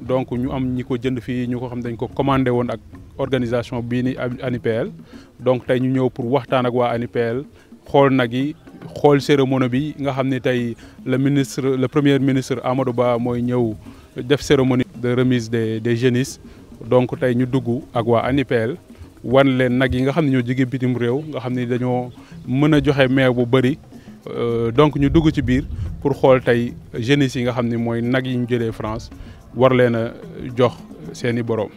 donc ñu am ñiko jënd fi ñuko xam dañ ko commandé won ak organisation bi ni ANIPL donc tay ñu ñëw pour waxtaan ak wa ANIPL xol nag yi xol cérémonie bi nga xam ne le ministre le premier ministre Amadou Ba moy ñëw def cérémonie de remise des des jeunisses donc tay ñu dugg ak wa ANIPL wan leen nag yi nga xam ñoo jigé bitim réew nga xam ne dañoo mëna a joxe meew bu bëri euh, donc ñu dugg ci biir pour xol tay jeunisses yi nga xam ne nag yi ñu jëlé France war leen a jox seeni boroom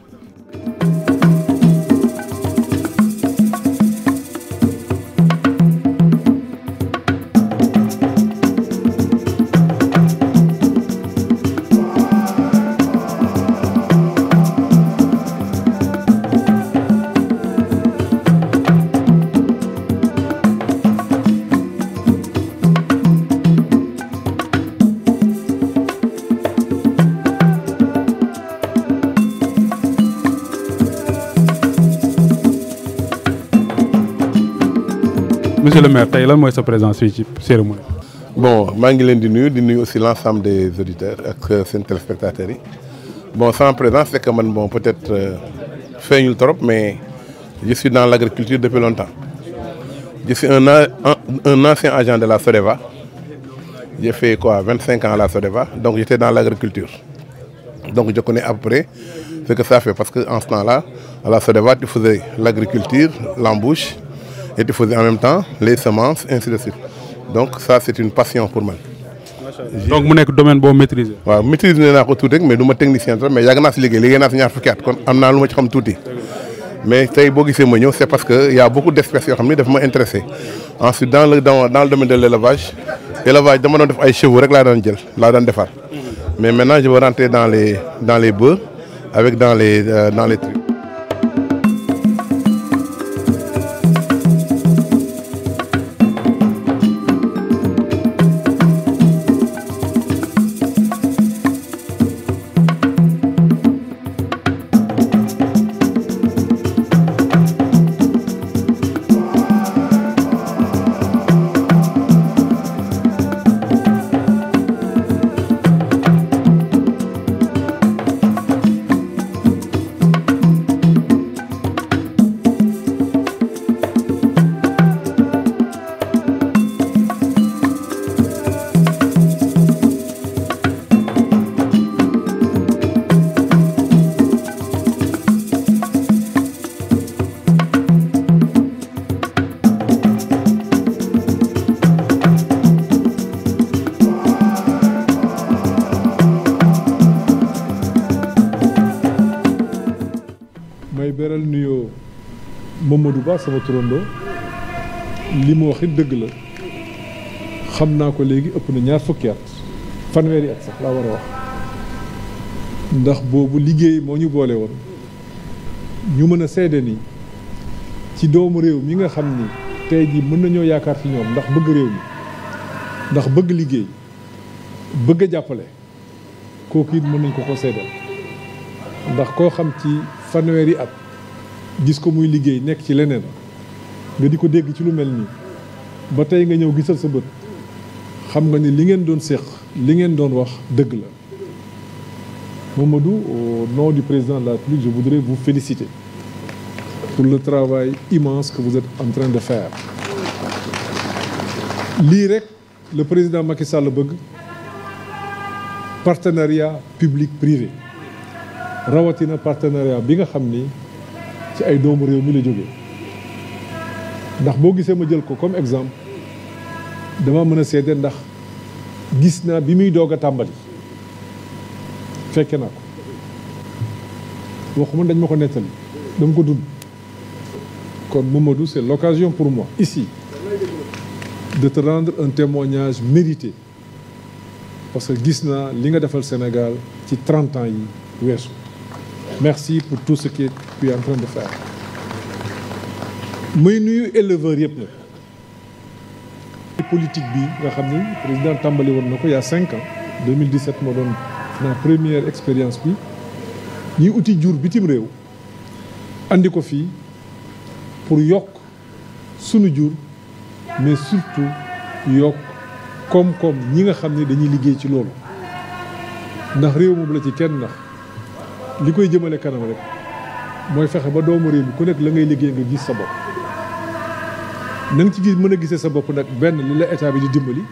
monsieur le maire tey lan sa présence ici, cérémonie bon je ngi di aussi l'ensemble des auditeurs c'est euh, une téléspectateurs bon sans présence c'est quand même bon peut-être une euh, trop mais je suis dans l'agriculture depuis longtemps je suis un ancien agent de la SODEVA j'ai fait quoi 25 ans à la SODEVA donc j'étais dans l'agriculture. donc je connais après ce que ça fait parce qu'en ce temps là à la SODEVA tu faisais l'agriculture, l'embouche et tu faisais en même temps les semences, ainsi de suite. Donc ça, c'est une passion pour moi. donc est un domaine bon maîtriser. waaw maîtriser naa tout tuuti rek mais nous technicien mais il y a des gens qui sont ñaar bien, kon le mais c'est parce qu'il y' a beaucoup d'espèces qui m'intéressent. ensuite dans le dans dans le domaine de l'élevage, l'élevage, je dama def ay chevaux rek la jël la mais maintenant je vais rentrer dans les dans les bœufs avec dans les euh, dans les trucs. Amadou Ba sama turandoo li mu wax it dëgg la xam naa ko léegi ëpp na ñaar fukki at fanweeri at sax laa war a wax ndax boobu liggéey moo ñu boole woon ñu mën a seede ni ci doomu réew mi nga xam ni tey jii mën nañoo yaakaar ci ñoom ndax bëgg réew mi ndax bëgg liggéey bëgg a jàppale kooku it mën nañ ko ko seedal ndax koo xam ci fanweeri at gis ko muy liggéey nekk ci leneen nga di ko dégg ci lu mel nii ba tey nga ñëw gisal sa bët xam nga ni li ngeen doon séq li ngeen doon wax dëgg la Mamadou au nom du président de la République je voudrais vous féliciter pour le travail immense que vous êtes en train de faire L'IREC, le président Macky Sall bëgg partenariat public privé rawatina partenariat bi nga xam ci ay doomu réew mi la ndax exemple dama a ndax bi muy waxuma dañ ko c'est l'occasion pour moi ici de te rendre un témoignage mérité parce que gis li Sénégal ci 30 ans merci pour tout ce qui est tu en train de faire muy nuyu éleveurs Les politiques politique bi nga xam président Tambali il y a cinq ans 2017 moo doon ma première expérience bi ni outil dur bitim réew andi ko fi pour yok sunu jour, mais surtout yok comme, comme ñi nga xamni dañuy liggéey ci lool ndax réew moom la ci kenn ndax likoy jëmele jëmale kanam rek mooy fexe ba doomu réew mi ku la ngay liggéey nga gis sa bopp na ci gis mën a sa bopp nag benn li état bi di dimbali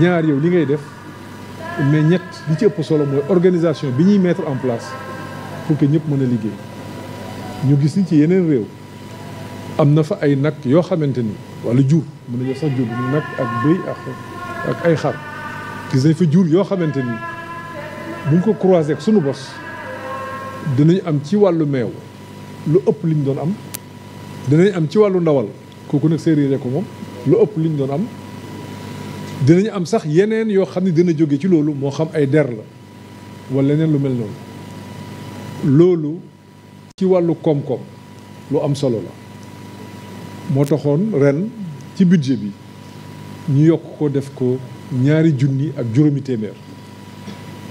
ñaar yow li ngay def mais ñett li ci ëpp solo organisation bi mettre en place pour que ñëpp mën liggéey ñu gis ci yeneen réew am fa ay nag yoo xamante wala jur mën nañu sax jur ak ak ak ay xar fa dinañ am ci wàllu meew lu ëpp liñ doon am dinañ am ci wàllu ndawal kooku nag séeréer ko moom lu ëpp liñ doon am dinañ am sax yeneen yoo xam ne dina jóge ci loolu moo xam ay der la wala leneen lu mel noonu loolu ci wàllu koom-koom lu am solo la moo taxoon ren ci budget bi ñu yokk ko def ko ñaari junni ak juróomi téeméer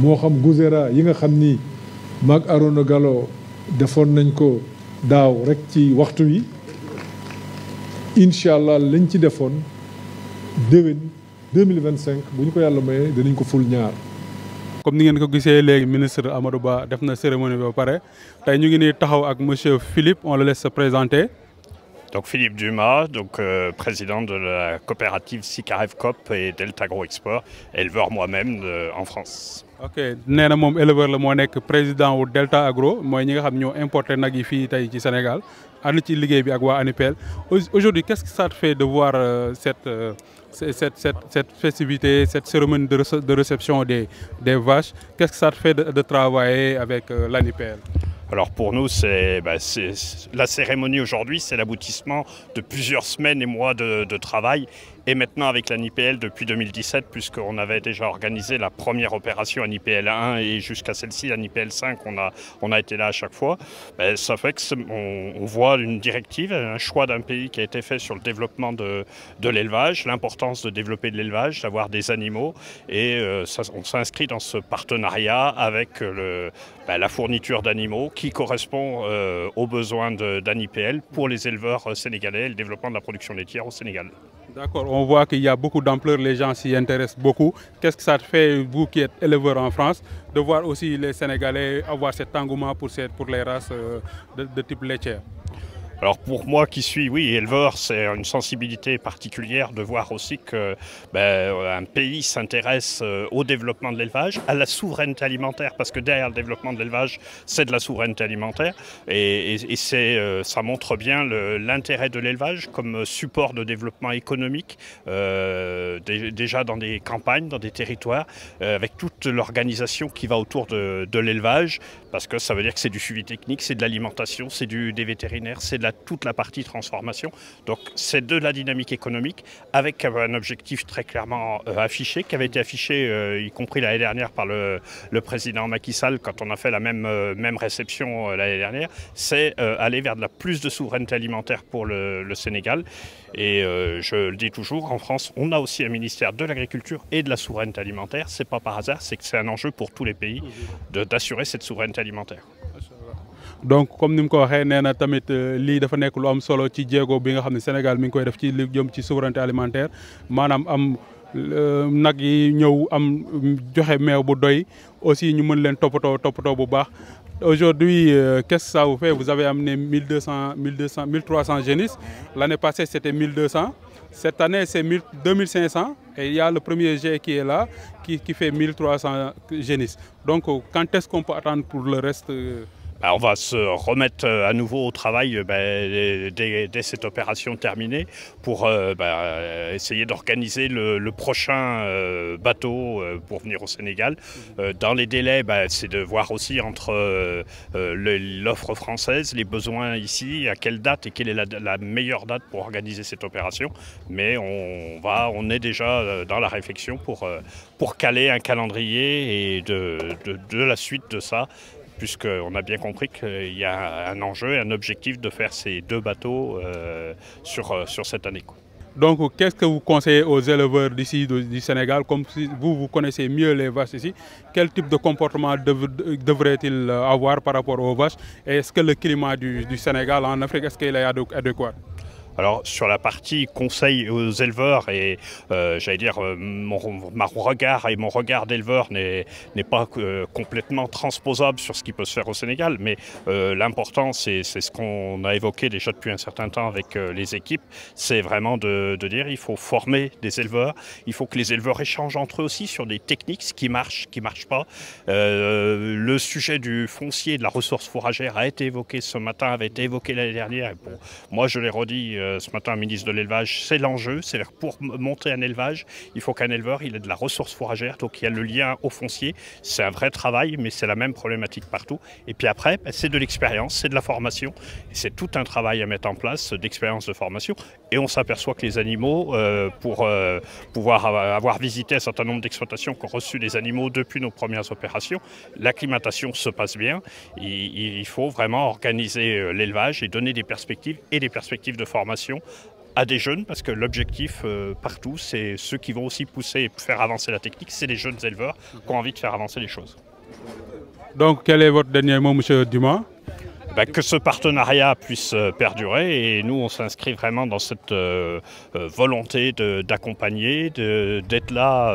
moo xam Gouzera yi nga xam ni maag Arona galo defoon nañ ko daaw rek ci waxtu wi inshallah lañ ci defoon déwén 2025 bu ñu ko yàlla mayee dinañ ko ful ñaar. comme ni ngeen ko gisee léegi ministre Amadou Ba def na cérémonie ba pare tey ñu ngi nii taxaw ak monsieur Philippe on le laisse se présenter. Donc Philippe Dumas, donc, euh, président de la coopérative Sicarev et Delta Gro Export, éleveur moi-même euh, en France ok nee na éleveur la président du Delta Agro mooy ñi ñoo importé nag yi fii Sénégal ànd ci liggéey bi ak aujourd'hui qu'est-ce que ça te fait de voir euh, euh, cette cette cette cette festivité cette cérémonie de réception des des vaches qu'est-ce que ça te fait de, travailler avec euh, l'ANIPL alors pour nous, c'est bah, la cérémonie aujourd'hui, c'est l'aboutissement de plusieurs semaines et mois de, de travail et maintenant avec l'ANIPL depuis 2017, puisqu'on avait déjà organisé la première opération ANIPL 1 et jusqu'à celle-ci, l'ANIPL 5, on a, on a été là à chaque fois. Ben, ça fait qu'on on voit une directive, un choix d'un pays qui a été fait sur le développement de, l'élevage, l'importance de développer de l'élevage, d'avoir des animaux, et euh, on s'inscrit dans ce partenariat avec ben, la fourniture d'animaux qui correspond euh, aux besoins d'ANIPL pour les éleveurs euh, sénégalais et le développement de la production laitière au Sénégal. D'accord, on voit qu'il y a beaucoup d'ampleur, les gens s'y intéressent beaucoup. Qu'est-ce que ça te fait, vous qui êtes éleveur en France, de voir aussi les Sénégalais avoir cet engouement pour, pour les races euh, de, de type laitière alors pour moi qui suis, oui, éleveur, c'est une sensibilité particulière de voir aussi que ben, euh, un pays s'intéresse euh, au développement de l'élevage, à la souveraineté alimentaire, parce que derrière le développement de l'élevage, c'est de la souveraineté alimentaire, et, euh, ça montre bien l'intérêt de l'élevage comme support de développement économique, déjà dans des campagnes, dans des territoires, avec toute l'organisation qui va autour de l'élevage, parce que ça veut dire que c'est du suivi technique, c'est de l'alimentation, c'est des vétérinaires, c'est de la, toute la partie transformation. Donc c'est de la dynamique économique avec un objectif très clairement euh, affiché, qui avait été affiché euh, y compris l'année dernière par le, président Macky Sall quand on a fait la même, euh, même réception l'année dernière, c'est aller vers de la plus de souveraineté alimentaire pour le Sénégal. Et euh, je le dis toujours, en France, on a aussi un ministère de l'agriculture et de la souveraineté alimentaire. n'est pas par hasard, c'est que c'est un enjeu pour tous les pays d'assurer cette souveraineté alimentaire. donc comme souveraineté alimentaire Aujourd'hui, euh, qu'est-ce que ça vous fait Vous avez amené 1200, 1200, 1300 génisses. L'année passée, c'était 1200. Cette année, c'est 2500. Et il y a le premier jet qui est là, qui, qui fait 1300 génisses. Donc, euh, quand est-ce qu'on peut attendre pour le reste euh, bah, on va se remettre euh, à nouveau au travail euh, bah, dès, cette opération terminée pour euh, bah, essayer d'organiser le, prochain bateau pour venir au Sénégal. Mhm. dans les délais, c'est de voir aussi entre l'offre française, les besoins ici, à quelle date et quelle est la, meilleure date pour organiser cette opération. Mais on, va, on est déjà dans la réflexion pour, caler un calendrier et de la suite de ça puisqu'on a bien compris qu'il y a un enjeu et un objectif de faire ces deux bateaux euh, sur, euh, sur cette année. Donc, qu'est-ce que vous conseillez aux éleveurs d'ici du Sénégal Comme vous, vous connaissez mieux les vaches ici, quel type de comportement devrait-il avoir par rapport aux vaches Est-ce que le climat du, du Sénégal en Afrique, est-ce qu'il est adéquat alors sur la partie conseil aux éleveurs et euh, j'allais dire euh, mon, regard et mon regard d'éleveur n'est pas euh, complètement transposable sur ce qui peut se faire au Sénégal, mais l'important c'est ce qu'on a évoqué déjà depuis un certain temps avec les équipes, c'est vraiment de, dire il faut former des éleveurs, il faut que les éleveurs échangent entre eux aussi sur des techniques, ce qui marche, ce qui marche pas. le sujet du foncier, de la ressource fourragère a été évoqué ce matin, avait été évoqué l'année dernière. bon, moi je l'ai redit euh, ce matin un ministre de l'élevage, c'est l'enjeu. C'est-à-dire pour monter un élevage, il faut qu'un éleveur il ait de la ressource fourragère, donc il y a le lien au foncier. C'est un vrai travail, mais c'est la même problématique partout. Et puis après, ben, c'est de l'expérience, c'est de la formation. C'est tout un travail à mettre en place d'expérience de formation. Et on s'aperçoit que les animaux, euh, pour euh, pouvoir avoir visité un certain nombre d'exploitations qui ont reçu des animaux depuis nos premières opérations, l'acclimatation se passe bien. il faut vraiment organiser l'élevage et donner des perspectives et des perspectives de formation à des jeunes, parce que l'objectif euh, partout, c'est ceux qui vont aussi pousser et faire avancer la technique, c'est les jeunes éleveurs qui ont envie de faire avancer les choses. Donc quel est votre dernier mot, Monsieur Dumas bah, que ce partenariat puisse euh, perdurer et nous on s'inscrit vraiment dans cette euh, euh, volonté d'accompagner, d'être là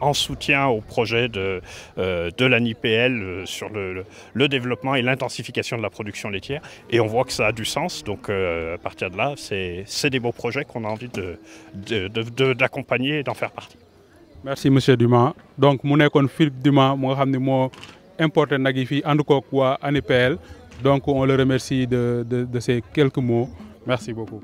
en soutien au projet de, de l'ANIPL sur le, développement et l'intensification de la production laitière et on voit que ça a du sens donc à partir de là c'est des beaux projets qu'on a envie d'accompagner de, de, et d'en faire partie. merci monsieur Dumas donc mon nekkoon Philippe Dumas moi suis moi un porte donc on le remercie de, ces quelques mots. Merci beaucoup.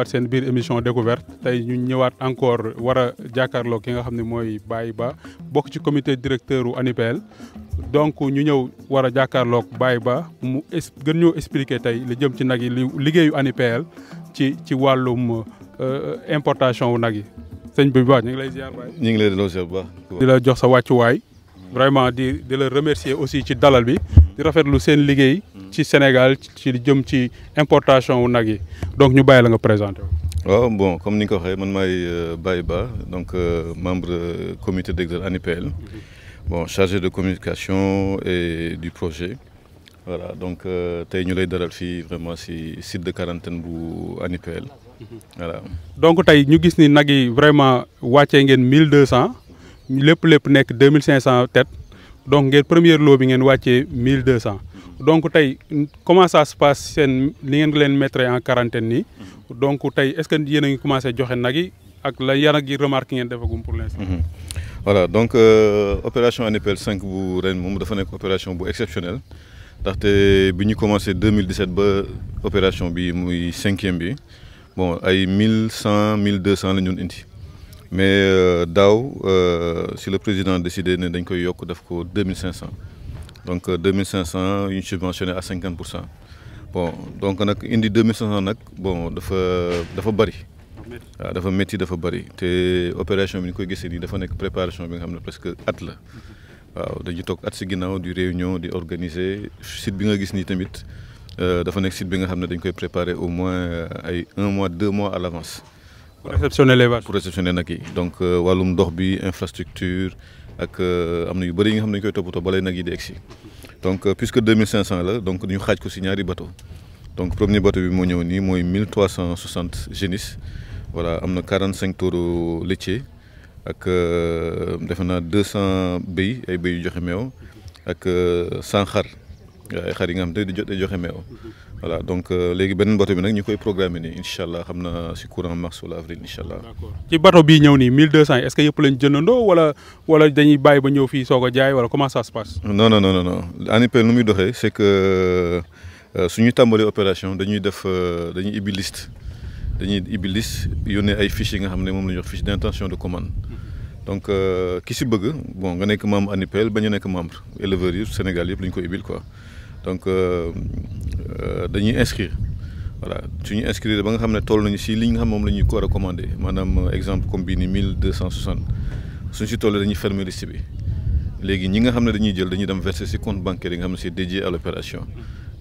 dellusiwaat seen biir émission découverte tey ñu ñëwaat encore war a jàkkaarloo ki nga xam ne mooy Baye Ba bokk ci comité directeur u ANIPL donc ñu ñëw war a jàkkaarloog Baye Ba mu gën ñoo expliquer tey li jëm ci nag yi li liggéeyu ANIPL ci ci wàllum euh, importation wu nag yi sëñ bi baax ñu ngi lay ziar Baye. ñu ngi lay delloo bu baax. di la jox sa wàccuwaay vraiment di le le remercier aussi ci dalal bi di rafetlu sen liguey ci Sénégal ci jëm ci importation wu yi donc ñu bàyyi la nga présenter bon comme ni nga ko je man maay euh, Baye Ba donc euh, membre euh, comité d'examen ANIPL bon chargé de communication et du projet voilà donc tay ñu lay dalal fii vraiment le site de quarantaine bu ANIPL voilà donc nous ñu vraiment watchengen ngeen mille lépp lépp nekk 2500 têtes donc ngeen première lot bi ngeen wàccee 1200 donc comment ça se passe seen li ngeen leen mettre en quarantaine nii donc tey est-ce que yéen a ngi commencé joxe nag yi ak la yan ak remarque ngeen pour l'instant mhm. voilà donc euh, opération NPL 5 bu ren moom dafa opération bu exceptionnelle ndaxte bi ñu commencé 2017 ba opération bi muy cinquième bi bon ay 1100 1200 1100 la ñun mais euh, euh, si le président décidé ne dañ koy yokk def ko donc 2500, euh, une subventionner à 50%. bon donc on indi une mille cinq bon dafa dafa bari, waaw dafa métti dafa bëri te opération bi ñu koy gisee nii dafa nekk préparation bi nga xam presque at la waaw dañu toog at si ginnaaw di réunion di organiser site bi nga gis nii tamit euh, dafa nekk site bi nga xam dañ koy préparer au moins ay un mois deux mois à l'avance pour réceptionner les vaches pour réceptionner les donc euh, walum d'orbi bi infrastructure ak euh, am na yu a yi nga xam ne ñu koy balay nag donc euh, puisque 2500 là donc nous xaaj ko si ñaari bateau donc premier bateau bi 1360 génisses voilà y a 45 taureaux laitiers ak y 200 bays, et bays joxe 100 xar ay xar yi nga voilà donc euh, légui benen bateau bi nak ñukoy programmer ni inshallah xamna ci courant mars wala avril inshallah d'accord ci bateau bi ñew ni 1200 est-ce que yëpp lañ jëndandoo wala wala dañuy bàyyi ba ñew fi soog jaay wala comment ça se passe. non non non non ANIPEL numuy doxé c'est que euh, suñu tambalé opération dañuy def euh, dañuy ibbi liste dañuy ibbi liste yónnee ay fiches yi nga xamné mom moom wax fiche d'intention de commande. Mm-hmm. donc qui ci bëgg bon nga nek membre ANIPEL bañu nek membre éleveurs yi Sénégal yépp la ñu ko ibil quoi donc euh, euh, dañuy inscrire voilà suñu inscrire ba nga xamné ne toll nañu si li nga xam mom lañuy ko recommander manam euh, exemple comme bii ni mille suñ ci tollee dañuy fermer liste bi légui ñi nga xamné dañuy jël dañuy dem verser ci compte bancaire nga xamné c'est dédié à l'opération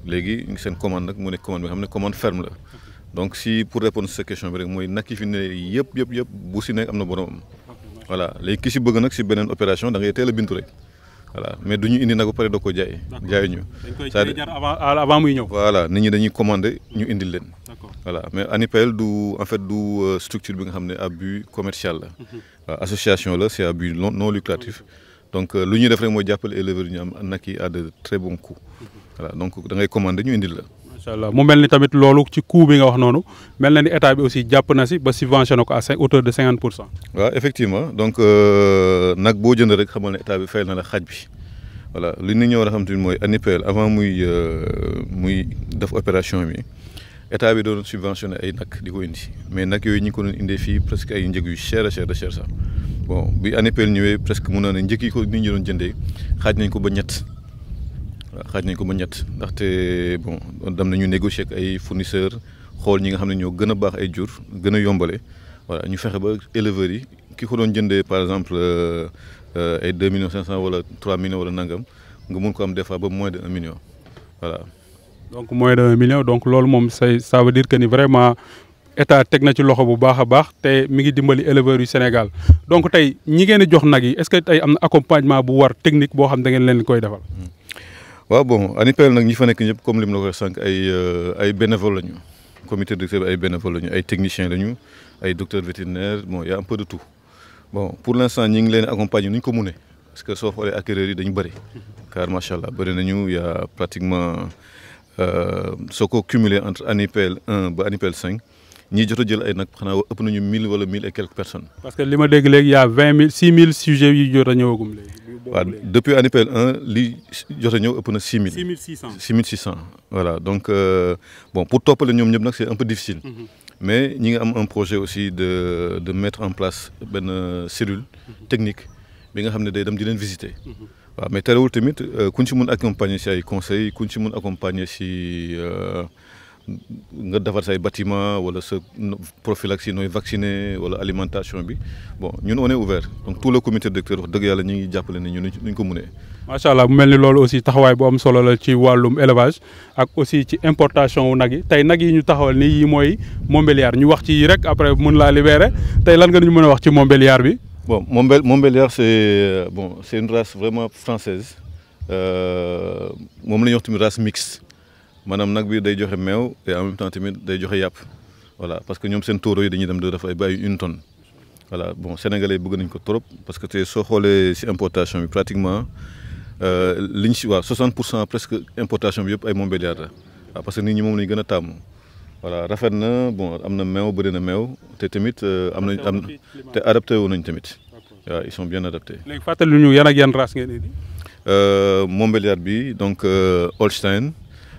ngi seen commande nak mu nekk commande bi nga xam commande ferme la donc si pour répondre sa question bi rek moy nag fi ne yépp yépp yépp bu si nekk amna borom voilà légui ki si bëgg nak ci benen opération da ngay teel bintu rek voilà mais duñu indi nag ba pare doo ko jaay. jaay ñu. dañ koy avant muy ñëw. voilà nit ñi dañuy commander ñu indil leen. voilà mais ANIPEL du en fait du euh, structure bi nga xamné à but commercial la. Mhm. association là c'est est à but non lucratif. donc euh, lu ñuy def rek mooy jàppale éleveurs ñu am nag à de très bons coûts. Mhm. voilà donc da ngay commander ñu indi la incha allah mu mel tamit lolu ci coût bi nga wax noonu melni na ni état bi aussi japp na ci ba subventionné ko à hauteur de 50% wa effectivement donc euh, nak bo jënd rek xamal ne état bi fayal na la xaj bi voilà li ni ñëw a xam te mooy ANIPL avant muy euh, muy def opération bi état bi doon subventionné ay nak diko indi mais nak yoy ñi ko doon indee fi presque ay njëg yu cher cher de cher ça bon bi ANIPL ñëwee presque mun na ne yi ko nit ñi doon jëndee xaaj nañ ko ba ñett xaaj nañ ko ba ñett ndaxte bon dam nañu négocier ak ay fournisseurs xool ñi nga xam ne ñoo gën a baax ay jur gën a yombale voilà ñu fexe ba éleveurs yi ki ko doon jëndee par exemple euh, ay deux millions cinq cent wala trois millions wala nangam nga mun ko am des fois ba moins de un million voilà. donc moins de un million donc loolu moom say ça veut dire que ni vraiment état teg na ci loxo bu baax a baax te mi ngi dimbali éleveurs yu Sénégal donc tey ñi ngeen di jox nag yi est-ce que tey am na accompagnement bu war technique boo xam da ngeen leen koy defal. Hmm waaw bon ANIPEL nous comme ay euh, ay comité techniciens lañu docteurs vétérinaires bon y a un peu de tout bon pour l'instant nous ngi leen accompagner parce que soo yi dañu car y a pratiquement euh, cumulé entre ANIPEL 1 et ANIPEL 5 nous jot jël ay et quelques personnes. parce que li y a vingt sujets qui jot a waaw depuis ANIPL 1 li jot a ñëw ëpp na six mille. six voilà donc euh, bon pour toppale ñoom ñëpp nag c'est un peu difficile. Mm -hmm. mais ñi ngi am un projet aussi de de mettre en place benn euh, cellule technique bi nga xam ne day dem di leen visiter. Mhm. waaw mais terewul tamit euh, ku ñu si mun accompagner si ay conseils ku ñu si mun accompagner si nga defar say bâtiment wala sa prophylaxie nooy vacciné wala alimentation bi bon ñun on est ouvert donc tout le comité directeur wax dëgg yàlla ñu ngi jàppale ne ñu ñu ko mënee. macha allah mu mel ni loolu aussi taxawaay bu am solo la ci wàllum élevage ak aussi ci importation wu nag yi tey nag yi ñu taxawal ni yi mooy Montbéliard ñu wax ci yi rek après mun laa libéré tey lan nga ñu mën a wax ci Montbéliard bi. bon Montbél Montbéliard c'est euh, bon c'est une race vraiment française euh, moom la ñuy wax tamit race mixte manam nak bi day joxe mew et en même temps tamit day joxe yàpp voilà parce que ñom sen toro yi dañuy dem de def ay une tonne voilà bon sénégalais bëgg nañ ko trop parce que te soo xoolee si importation bi pratiquement euh, liñ ci wa 60 presque importation bi yëpp ay Montbéliard la ah, parce que nit ñi moom lañ gëna tam voilà rafet na bon amna mew bëre na mew té tamit amna euh, am adapté wu nañ tamit waaw ils sont bien adaptés. Les fàttali ñu yan ak yan race ngeen indi. Euh, Montbéliard bi donc Holstein.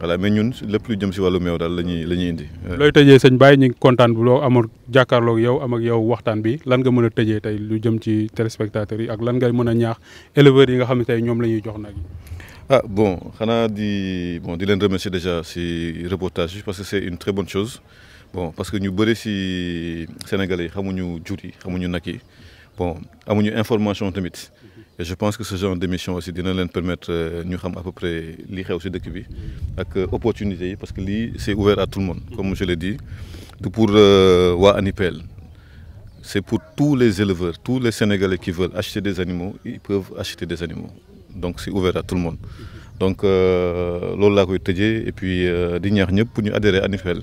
voilà mais ñun lepp lu jëm ci walu meew dal lañuy lañuy indi. loy tëjee sëñ Baye ñi ngi bu lo loo amoon jàkkaarloog yow am ak yow waxtaan bi lan nga mëna a tay lu jëm ci téléspectateurs yi ak lan ngay mëna a ñaax éleveurs yi nga xam tay ñom lañuy jox nag yi. ah bon xana di bon di leen remercier déjà ci reportage parce que c'est une très bonne chose bon parce que ñu bëré ci sénégalais yi xamuñu jur xamuñu nag yi bon amuñu information tamit je pense que ce genre d'émission aussi dina permettre euh, à peu près li xew de dëkk bi euh, opportunité parce que c'est ouvert à tout le monde comme je l'ai dit pour euh, Anipel, c'est pour tous les éleveurs tous les Sénégalais qui veulent acheter des animaux ils peuvent acheter des animaux donc c'est ouvert à tout le monde donc loolu laa koy et puis di ñaax pour adhérer à Anipel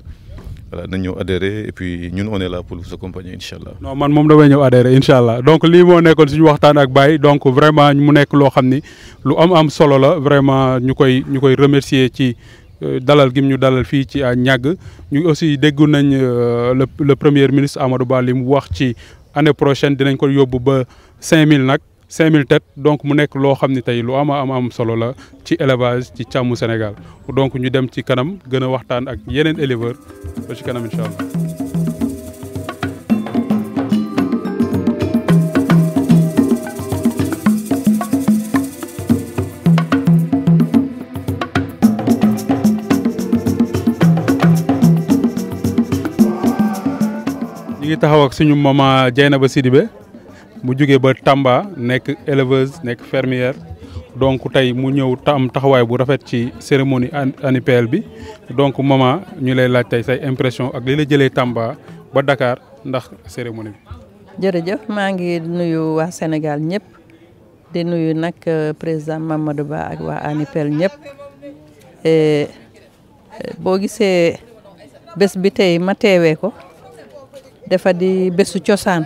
voilà nañ ñëw adhérer et puis ñun on est là pour vous accompagner incha non man mom damay ñëw adhérer incha allah donc li mo nekkoon suñu waxtaan ak Baye donc vraiment mu nekk lo xamni lu am am solo la vraiment ñu koy remercier ci. Euh, dalal gi ñu dalal fi ci ñàgg ñu aussi déggu nañ euh, le premier ministre Amadou Ba li wax ci année prochaine dinañ ko yobbu ba 5000 nak 5000 000 têtes donc mu nekk loo xam ni tey lu am a am am solo la ci élevage ci càmmu Sénégal donc ñu dem ci kanam gën a waxtaan ak yeneen éleveur ba ci kanam incha allah. ñu ngi taxaw ak suñu maman Dieynaba Sidibe. mu jógee ba Tamba nekk éleveuse nekk fermière donc tey mu ñëw am taxawaay bu rafet ci cérémonie ANIPL bi donc maman ñu lay laaj tey say impression ak li la jëlee Tamba ba dakaar ndax cérémonie bi. jërëjëf maa ngi nuyu waa Sénégal ñëpp di nuyu nag euh, président Mamadou Ba ak waa ANIPL ñëpp euh, boo gisee bés bi tey ma teewee ko dafa cosaan.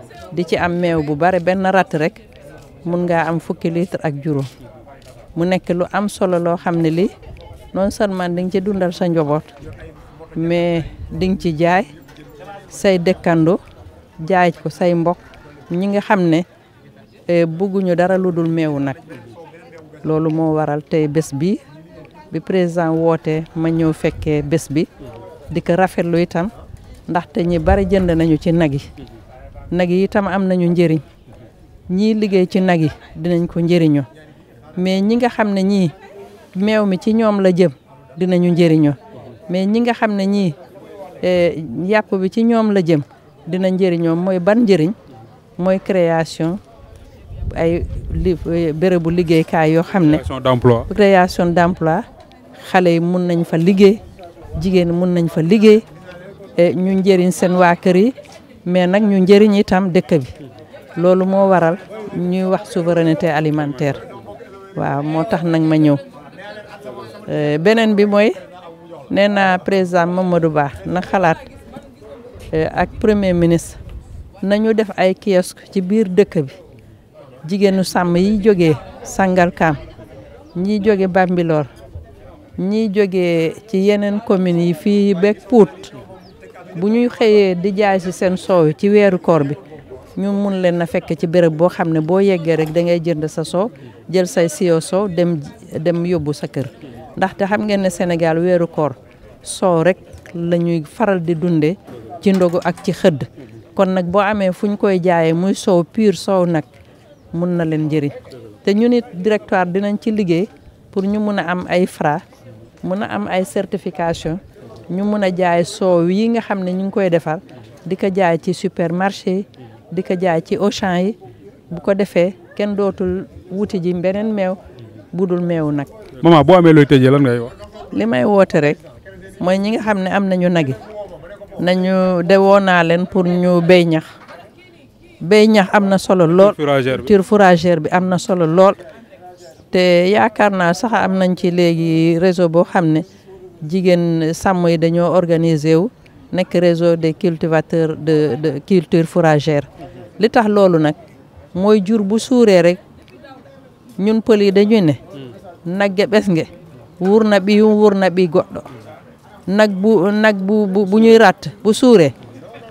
di ci am meew bu bare benn ratt rek mun ngaa am fukki litre ak juróom mu nekk lu am solo loo xam ne lii non seulement di nga ci dundal sa njaboot mais di ci jaay say dëkkandoo jaay ko say mbokk ñi nga xam ne eh, bëgguñu dara lu dul meewu nag loolu moo waral tey bés bi bi président wootee ma ñëw fekkee bés bi di ko rafetlu itam ndaxte ñi bari jënd nañu ci nag yi nag yi itam am nañu njëriñ ñii liggéey ci nag yi dinañ ko njëriñoo mais ñi nga xam ne ñii meew mi ci ñoom la jëm dinañu njëriñoo mais ñi nga xam ne ñii eh, yàpp bi ci ñoom la jëm dina njëriñoo mooy ban njëriñ mooy création ay li bérébu liggéeykaay yoo xam ne. création d' emploi xale yi mun nañ fa liggéey jigéen mun nañ fa liggéey eh, ñu njëriñ seen waa kër yi. mais nag ñu njëriñ itam dëkk bi loolu moo waral ñuy wax souveraineté alimentaire waaw moo tax nag ma ñëw euh, beneen bi mooy nee naa président Mamadou Ba na xalaat euh, ak premier ministre nañu def ay kiosque ci biir dëkk bi jigéenu sàmm yi jógee Sangalkam ñi jóge Bambilor ñi jógee ci yeneen communes yi fii beeg puut bu ñuy xëyee di jaay si seen soow ci weeru koor bi ñu mun leen na fekk ci béréb boo xam ne boo yeggee rek dangay jënd sa soow jël say siyo soow dem dem yóbbu sa kër ndaxte xam ngeen ne Sénégal weeru koor soow rek lañuy faral di dunde ci ndogu ak ci xëdd kon nag boo amee fu ñu koy jaayee muy soow pur soow nag mun na leen njëriñ te ñu it directoire dinañ ci liggéey pour ñu mun a am ay Fra mun a am ay certification ñu mën a jaay soow yi nga xam ne ñu ngi koy defar di ko jaay ci supermarché yi di ko jaay ci Auchan yi bu ko defee kenn dootul wuti ji beneen meew budul meew nag. maman boo amee looy tëjee lan ngay wax. li may woote rek mooy ñi nga xam ne am nañu nag yi nañu de woo naa leen pour ñu béy ñax béy ñax am na solo lool. culture fourragère bi am na solo lool. te yaakaar naa sax am nañ ci léegi réseau boo xam ne. jigéen sàmm yi dañoo organiser wu nekk réseau des cultivateurs de de culture fourragère li tax loolu nag mooy jur bu suuree rek ñun pël yi dañuy ne nagge bes nge wuur na bi yum na bi goɗɗo nag bu nag bu bu ñuy ràtt bu suuree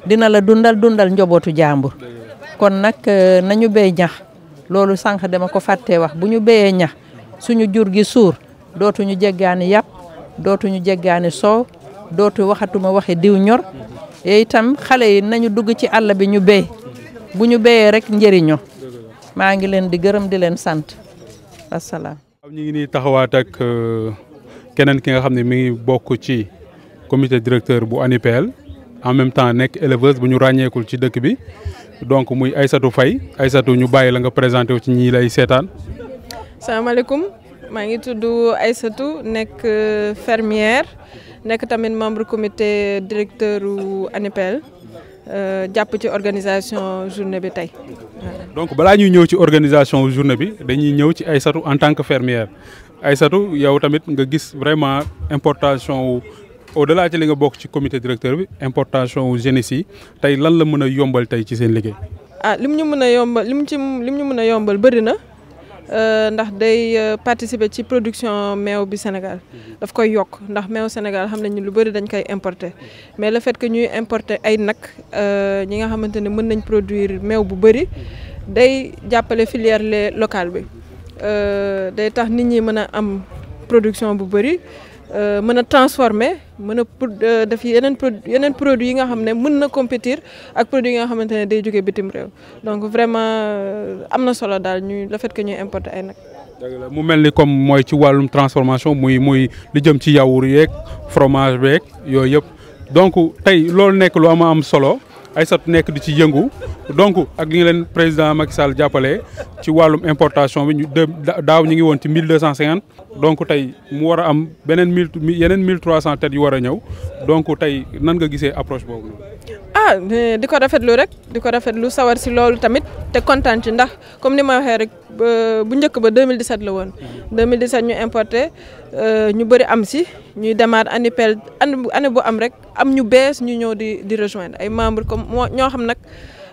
dina la dundal dundal njobootu jàmbur kon nag euh, nañu béy ñax loolu sànq dama ko fàttee wax bu ñu béyee ñax suñu jur gi suur dootuñu jéggaani yàpp dootuñu jéggaani soow dootu waxatuma waxe diw ñor yooyu itam xale yi nañu dugg ci àll bi ñu béy bu ñu béyee rek njëriñu maa ngi leen di gërëm di leen sant asalaam. ñu ngi nii taxawaatak ak euh, keneen ki nga xam ne mi ngi bokk ci commité directeur bu ANIPL en même temps nekk éleveuse bu ñu ràññeekul ci dëkk bi donc muy ay fay ay Aïssatou ñu bàyyi la nga présenté wu ci ñii lay seetaan. salaamaaleykum. maa ngi tudd Aïssatou euh, fermière nekk tamit membre comité directeur u ANIPEL euh, jàpp ci organisation journée bi tey. donc balaa ñuy ñëw ci organisation journée bi dañuy ñëw ci Aïssatou en tant que fermière Aïssatou yow tamit nga gis vraiment importation wu au delà ci li nga bokk ci comité directeur bi importation wu jeunesse yi tey lan la mën yombal tey ci seen liggéey. ah lim ñu mën a yombal lim ci lim ñu mën yombal bëri na. Euh, ndax day euh, participer ci production meew bi Sénégal mhm. daf koy yok ndax meew Sénégal xam nañ lu bëri dañ koy importer mais le fait que ñuy importer ay nag euh, ñi nga xamante ne mën nañ produire meew bu bëri mhm. day jappalé filière locale bi euh day tax nit ñi mëna am production bu bëri Euh, mën a transformer mën a pour euh, def yeneen produit yeneen produit yi nga xam ne mën na compétir ak produit yi nga xamante ne day jóge bitim réew donc vraiment euh, am na solo daal ñuy le fait que ñuy importer ay nag. mu mel ni comme mooy ci wàllum transformation muy muy li jëm ci yaourt yeeg fromage beeg yooyu yëpp donc tey loolu nekk lu am am solo. Aïssatou nek du ci yëngu donc ak li nga leen président Macky Sall jàppale ci walum importation bi ñu daaw ñi ngi won ci 1250 donc tay mu wara am benen 1000 yenen 1300 trois cent têtes yu war a donc tay nan nga gisee approche boobu ah di ko rafetlu rek di ko rafetlu sawar ci lolou tamit te contente ci ndax comme ni ma waxee rek bu ñëk ba 2017 la woon. 2017 mm-hmm. ñu importé euh, ñu bari am si ñuy demaat ANIPEL année bu am rek am ñu bees ñu ñëw di di rejoindre ay membres comme ño xam nak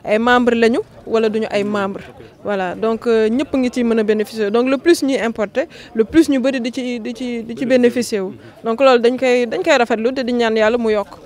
ay membres lañu wala duñu ay membres. voilà donc euh, ñëpp ngi ci mëna a bénéficier donc le plus ñuy importé le plus ñu bari di ci di ci di ci bénéficier mm-hmm. donc lolou dañ koy dañ koy rafetlu te di ñaan yalla mu yokk.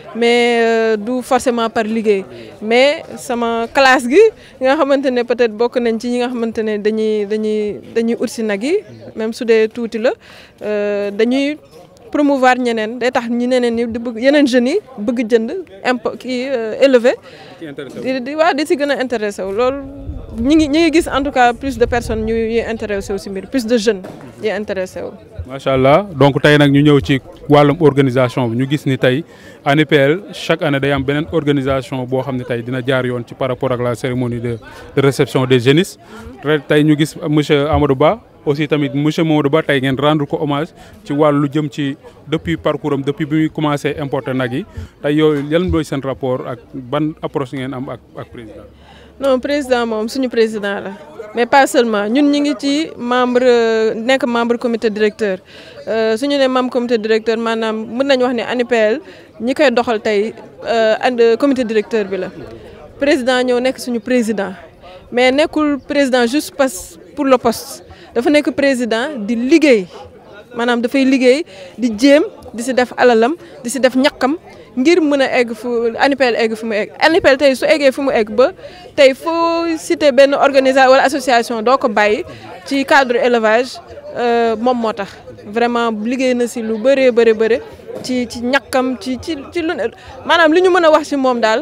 mais euh, du forcément par liguey mais sama classe gi nga xamantene peut-être bok nañ ci nga xamantene dañuy dañuy dañuy outil nak gi même soudé touti la euh dañuy promouvoir ñeneen day tax ñi neneen ñi di bëgg yeneen jeunes yi bëgg jënd impo kii euh, élevé di waaw di si gën a intéressé wu loolu ñi ngi ñi ngi gis en tout cas plus de personnes ñu yuy intéressé wu si mbir plus de jeunes yi intéressé wu macha allah donc tey nag ñu ñëw ci wàllum organisation bi ñu gis ni tey ANPL chaque année day am beneen organisation boo xam ne tey dina jaar yoon ci par rapport ak la cérémonie de réception des jeunes tey ñu gis monsieur Amadou Ba aussi tamit monsieur Mamadou Ba tay ngeen rendre ko hommage ci walu jëm ci depuis parcours depuis bi commencé importer nagui tay yoy yooyu yan sen rapport ak ban approche ngeen am ak ak président. non président mom suñu président la mais pas seulement ñun ñi ngi ci membre nek membre comité directeur euh, suñu né membre comité directeur manam mën nañu wax né ANIPL ñi koy doxal euh and euh, comité directeur bi la président ñëw nek suñu président mais nekul président juste parce pour le poste. dafa nekk président di liggéey maanaam dafay liggéey di jéem di si def alalam di si def ñàkkam ngir mën a egg fu ANIPEL egg fu mu egg ANIPEL tey su eggee fu mu egg ba tey foo cité benn organisation wala association doo ko bàyyi ci cadre élevage euh, moom moo tax vraiment liggéey na si lu bëree bëri bëri ci ci ñàkkam ci ci ci lu maanaam li ñu mën a wax si moom daal.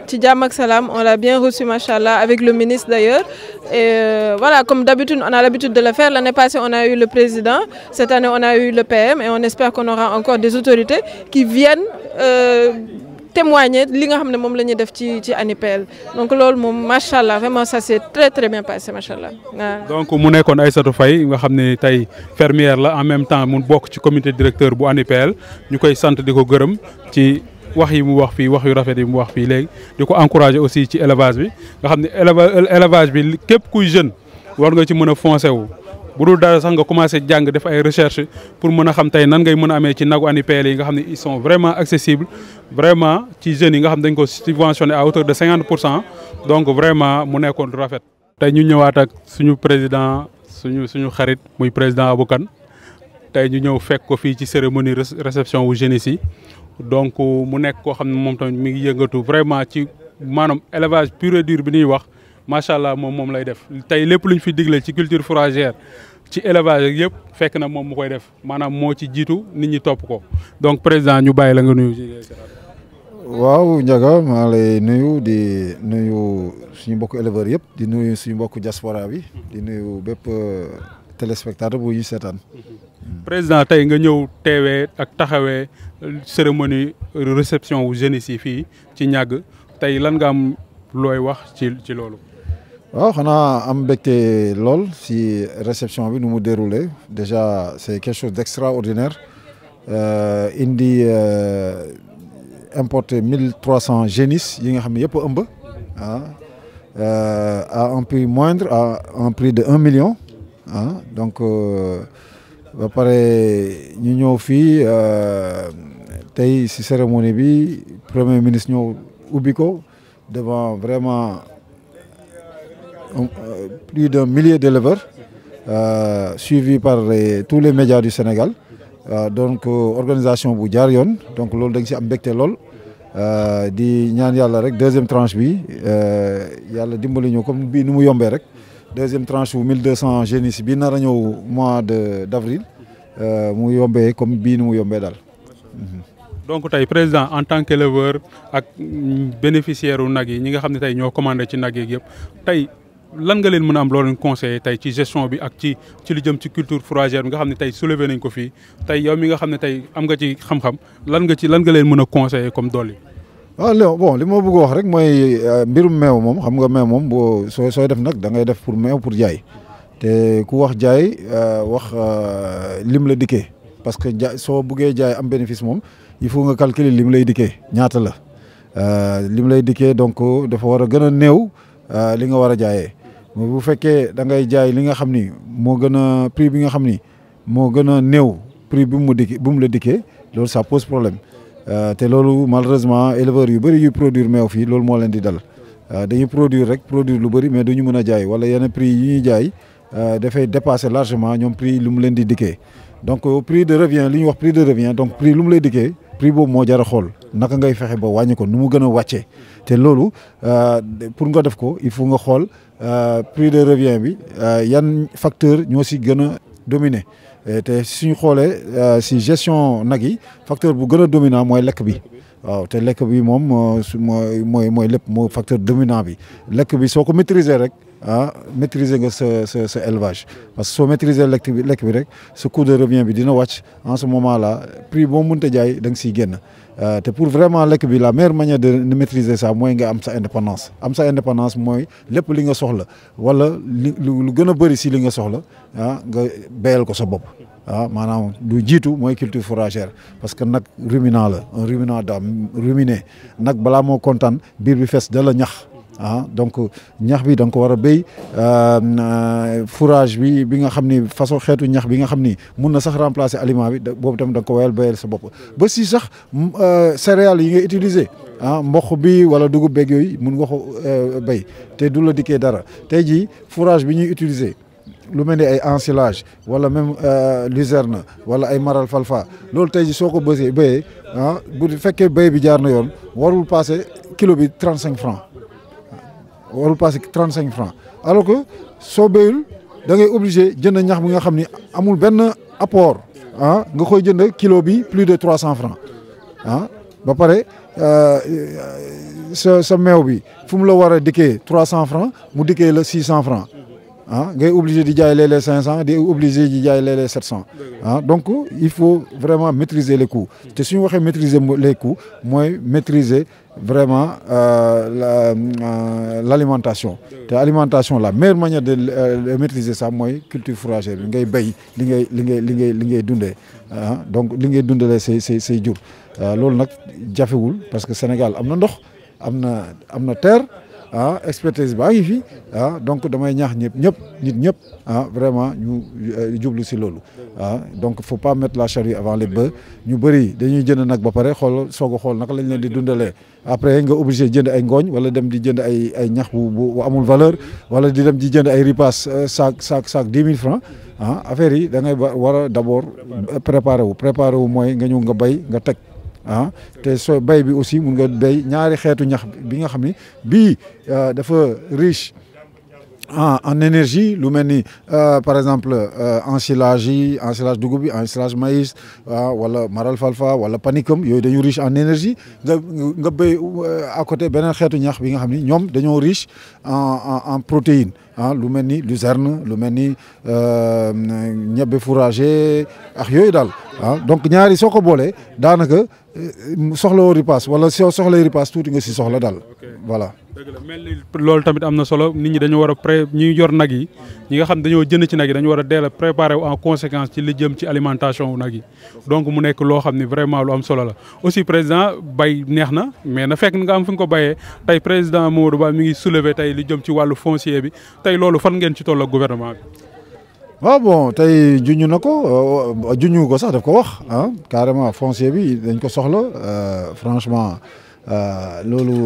on l'a bien reçu, machallah, avec le ministre d'ailleurs. Et euh, voilà, comme d'habitude, on a l'habitude de le faire. L'année passée, on a eu le président. Cette année, on a eu le PM et on espère qu'on aura encore des autorités qui viennent euh, témoigner de ce que nous avons fait Donc, machallah, vraiment, ça s'est très très bien passé, machallah. Donc, vous êtes Aïssatou Faye, vous êtes fermière, en même temps, vous êtes comité directeur de l'ANIPL. Nous sommes centre de Gourem, qui wax yi mu wax fii wax yu rafet yi mu wax fii léegi di ko encourager aussi ci élevage bi nga xam ne élevage bi képp kuy jeune war nga ci mën a foncé wu bu dul dara sax nga commencé jàng def ay recherches pour mën a xam tey nan ngay mën a amee ci nagu ANIPL yi nga xam ne ils sont vraiment accessibles vraiment ci jeunes yi nga xam dañ ko subventionné à hauteur de 50 pour cent donc vraiment mu nekkoon rafet. tey ñu ñëwaat ak suñu président suñu suñu xarit muy président Abou Kane tey ñu ñëw fekk ko fii ci cérémonie réception wu jeunesse yi donc mu nek ko xam mom moom tamit mi ngi yëngatu vraiment ci manam élevage pur et dur bi ni wax machallah mom mom lay def tay lepp luñ fi digle ci culture fourragère ci élevage ak yëpp fekk na mom mu koy def manam mo ci jitu nit ñi top ko donc président ñu bàyyi la nga nuyu. waaw ñaga ma lay nuyu di nuyu suñu mbokku éleveur yépp di nuyu suñu mbokku diaspora bi di nuyu bépp euh, téléspectateur bu ñu sétane président tay nga ñew teewee ak taxawé cérémonie réception aux génisses ici fii ci ñàgg tey lan nga am loy wax ci ci lolu xana am bekté si réception bi nu mu déroulé déjà c'est quelque chose d'extraordinaire euh, indi euh, importé 1300 1300 génisses yi nga xam ne un ëmb ah. euh, à un prix moindre à un prix de 1 million ah. donc ba avons ñu ñëw euh tay ci cérémonie bi premier ministre ñëw ubbi devant vraiment euh, plus d'un millier d'éleveurs euh, suivis par tous les médias du Sénégal euh, donc organisation bu jaar yoon donc loolu dañ ci am mbégte lool di ñaan yàlla rek deuxième tranche bi yàlla dimbali ñu comme tranche. nu mu deuxième tranche ou 1200 jeunes Bien bii mois de d' avril euh, mu yombee comme bii ni mu yombee donc tay président en tant qu'éleveur ak bénéficiaire nag yi ñi nga xamni tay tey ñoo commandé ci nag yeeg yëpp tey lan nga leen mëna a am loolu conseiller tay ci gestion bi ak ci ci li jëm ci culture fourragère nga xamni tay soulever nañ ko fi tay yow mi nga xamni tay am nga ci xam-xam lan nga ci lan nga leen mëna conseiller comme d'olé. ah léo bon li ma bëgg eh, wax rek mooy mbirum meew moom xam nga meew moom boo soo soy def nag da ngay def pour meew pour jaay te ku wax jaay eh, wax eh, lim la dikkee parce que jaay soo jaay am bénéfice mom, il faut nga calculer lim lay dikkee ñaata la lim lay dikkee donc dafa war a gën a néew li nga war a jaayee mais bu fekkee da ngay jaay li nga xam ni moo prix bi nga xam ni moo gën prix bi mu dikkee bu mu la dikkee loolu ça pose problème Euh, te loolu malheureusement éleveurs yu bëri yuy produire meew fii loolu moo leen di dal euh, dañuy produire rek produire lu bëri mais duñu mën a jaay wala yenn prix yi ñuy jaay euh, dafay dépasser largement ñoom prix lu mu leen di dikkee donc prix de revient li ñu wax prix de revient donc prix lu mu lay dikkee prix boobu moo jar xool naka ngay fexe ba wàññi ko nu mu gën a wàccee te loolu pour nga def ko il faut nga xool prix de revient bi yan facteur ñoo si gën a dominer te suñu xoolee euh, si gestion nag yi facteur bu gën a dominant mooy lekk bi waaw te lekk bi moom euh, mooy mooy lépp moo facteur dominant bi lekk bi soo ko maîtriser rek. ah maîtriser ce, ce, ce élevage parce que soo maîtriser lekk bi ce coût de revient bi dina watch, en ce moment là prix bon monte jaay da nga euh, pour vraiment lekk la meilleure manière de maîtriser ça mooy nga am sa indépendance am sa indépendance mooy lépp li nga soxla wala li lu gën a bëri si li nga soxla ah nga béyal ko sa bopp ah maanaam lu culture fourragère parce que nag ruminant la un ruminant ruminé ruminer nag balaa moo kontaan biir bi fees la ñax ah donc ñax bi da nga ko wara a euh, euh fourrage bi bi nga xamni façon xeetu ñax bi nga xamni ni mun na sax remplacer aliment bi bobu tam da nga ko wayal béyal sa bop ba si sax euh, céréales yi nga utiliser ah mbokh bi wala dugub beeg yoy mun nga ko euh, béy té du la dara tay ji fourrage bi ñuy utiliser. lu melni ay ensilage wala même luzerne wala ay maral falfa loolu tay ji soko ko bësee béyee ah bu féké béy bi jaar na yoon warul passer kilo bi trente cinq francs on passe 35 francs alors que si beul da obligé on ñax un apport on ah, nga koy kilo bi plus de 300 francs hein ba paré euh ce ce 300 francs mu diké le 600 francs il hein? est obligé d'y aller les 500, 500 est obligé d'y aller les 700 donc il faut vraiment maîtriser les coûts Si vous voulez maîtriser les coûts moi maîtriser vraiment euh, euh, l'alimentation. L'alimentation la meilleure manière de euh, maîtriser ça la culture fourragère bi ngay béy li ngay hein? donc li ngay c'est les dur. C'est ce que parce que Sénégal a na terre ah expertise baa ngi fi ah donc damay ñaax ñëpp ñëpp nit ñëpp ah vraiment ñu euh, jublu si loolu ah donc faut pas mettre la charrue avant les bœufs ñu bëri dañuy jënd nag ba pare xool soog a xool naka lañ leen di dundalee après nga obligé jënd ay ngooñ wala dem di jënd ay ay ñax bu bu amul valeur wala di dem di jënd ay ripaas euh, sac saak saak dix mille francs ah affaire yi da ngay war a d' abord euh, préparer wu préparer wu mooy nga ñëw nga bay nga teg ah te soo bi aussi mun nga bay ñaari xeetu ñax bi nga xamni bi bii euh, dafa riche en en énergie lu melni euh, par exemple euh, ensilage yi ensilage dugub bi ensilage maïs ah wala maral falfa wala panicum yooyu dañu riche en énergie nga nga béy euh, à côté benen xeetu ñax bi nga xamni ñom ñoom riche en en en protéines hein lu melni luzerne lu melni euh, ñebbe fourragé ak yoy dal hein ah. donc ñaari soko bolé danaka euh, soxla woo ripaas wala soo soxlay ripaas tuuti nga ci soxla dal voilà. dëgg la mel tamit amna solo nit ñi dañu wara pré ñi yor nag yi ñi nga xam dañu jënd ci nag yi dañu wara a préparer en conséquence ci li jëm ci alimentation wu nag yi donc mu nekk loo xam ne vraiment lu am solo la aussi président bay neex na mais na fekk nga am fu ko bayee tey président Mamadou Ba mi ngi soulever tey li jëm ci wàllu foncier bi tey loolu fan ngeen ci toll ak gouvernement bi waaw bon tey juñu na ko euh, euh, juñu ko sax daf ko wax ah carrément foncier bi dañ ko soxla euh, franchement loolu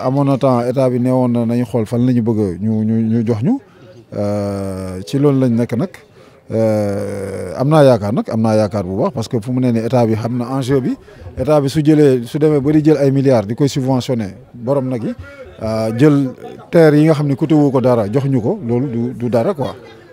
amoon na temps état bi nee woon na nañu xool fan la ñu bëgg ñu ñu ñu jox ñu ci loolu lañ nekk nag am na yaakaar nag am naa yaakaar bu baax parce que fu mu ne nii état bi xam na enjeu bi état bi su jëlee su demee ba di jël ay milliards di koy subventionné borom nag yi jël terre yi nga xam ne coûté wu ko dara jox ñu ko loolu du du dara quoi.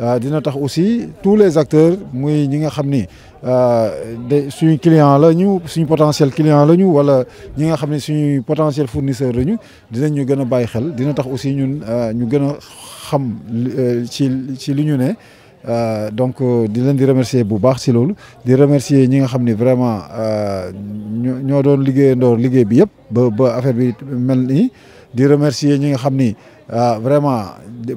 Euh, dina tax aussi tous les acteurs muy ñi nga xamni euh de suñu client la ñu suñu potentiel client la ñu wala ñi nga xamni suñu potentiel fournisseur la ñu dinañ ñu gëna a xel dina tax aussi ñun euh, ñu gëna xam euh, ci ci li ñu euh, donc di leen di remercier bu baax si loolu di remercier ñi nga xam ni vraiment ñoo doon liggéeyandoo liggéey bi yëpp ba ba affaire bi mel nii di remercier ñi nga xam ah, vraiment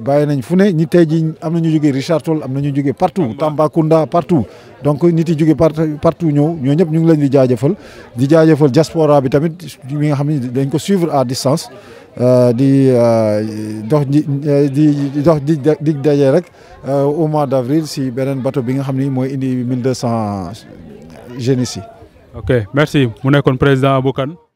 bàyyi nañ ne ñi tey jii am ñu Richard Toll ñu partout Tambacounda partout donc nit yi jógee partout ñëw ñoo ñëpp ñu ngi leen di jaajeufal di jaajëfal diaspora bi tamit mi nga xamni dañ ko suivre à distance euh, di euh, dox euh, di di dox di rek au mois d'avril si benen bateau bi nga xamni moy indi 1200 deux ok merci mu nekkoon président Abou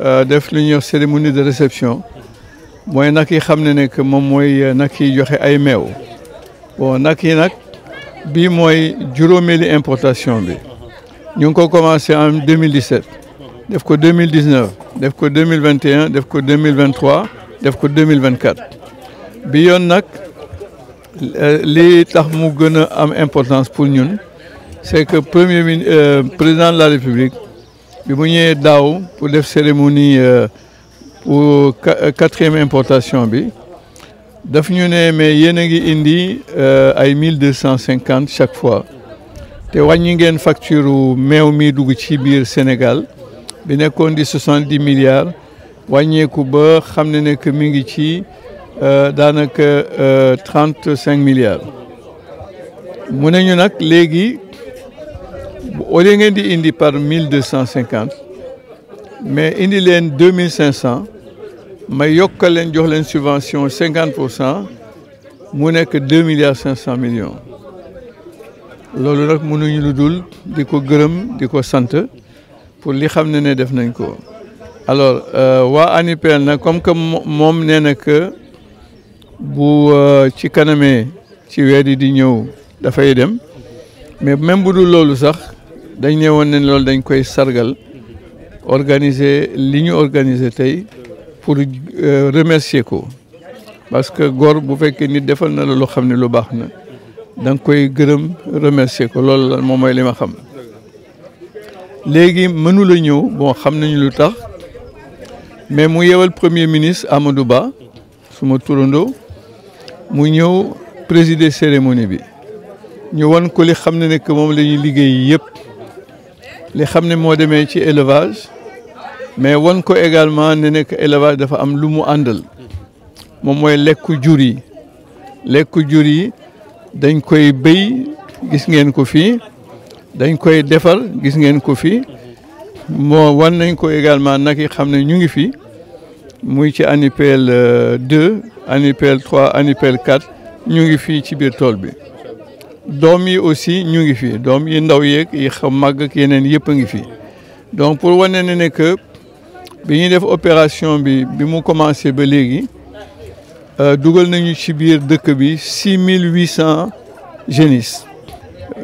Euh, def lu cérémonie de réception moy nag yi ne ne que moom euh, yi joxe ay méw bon qui yi nag bii mooy juróomeeli importation bi ñu ko commencé en 2017 def ko 2019 def ko 2021 def ko 2023 def ko 2024 bi yon nak euh, li tax mu gëna am importance pour ñun c'est que premier président de la république nous y a eu une fête pour la cérémonie de euh, la euh, quatrième importation. Nous avons fait une fête de 1250 chaque fois. Nous avons fait une facture de 1,2 milliard de dollars au Sénégal. Nous avons fait 70 milliards. Nous avons fait 35 milliards. Nous avons fait une fête de 1,2 milliard de au lieu d'indi indi par 1250 mais indi len 2500 mais yokal len jox len subvention 50% mu nek 2 milliards 500 millions lolu nak mënu ñu luddul diko gëreum diko sante pour li xamné né def nañ ko alors euh, wa anipel nak comme que mom néna que bu euh, ci kanamé ci wéri di ñëw da fay dem mais même bu dul lolu sax dañ ne woon ne loolu dañ koy sargal organiser li ñu organiser tey pour euh, remercier ko parce que góor bu fekkee ni defal na la loo xam ne lu baax na da nga koy gërëm remercier ko loolu la moom mooy li ma xam léegi mënula ñëw bon xam nañu lu tax mais mu yewal premier ministre Amadou Ba suma turandoo mu ñëw présider cérémonie bi ñu wan ko li xam ne ne moom la ñuy liggéey yëpp. li xam ne moo demee ci élevage mais wan ko également ne nekk élevage dafa am lu mu àndal moom mooy lekku jur yi lekku jur yi dañ koy bay gis ngeen ko fii dañ koy defar gis ngeen ko fii moo wan nañ ko également nag yi xam ne ñu ngi fi muy ci ANIPL 2 euh, ANIPL 3 ANIPL 4 ñu ngi fii ci biir tool bi doom yi aussi ñu ngi fi doom yi ndaw yek yi xam màgg ak yeneen yëpp ngi fi donc pour wone ne ne que bi ñuy def opération bi bi mu commencé ba légui euh dugal nañu ci biir dëkk bi 6800 mille jeunes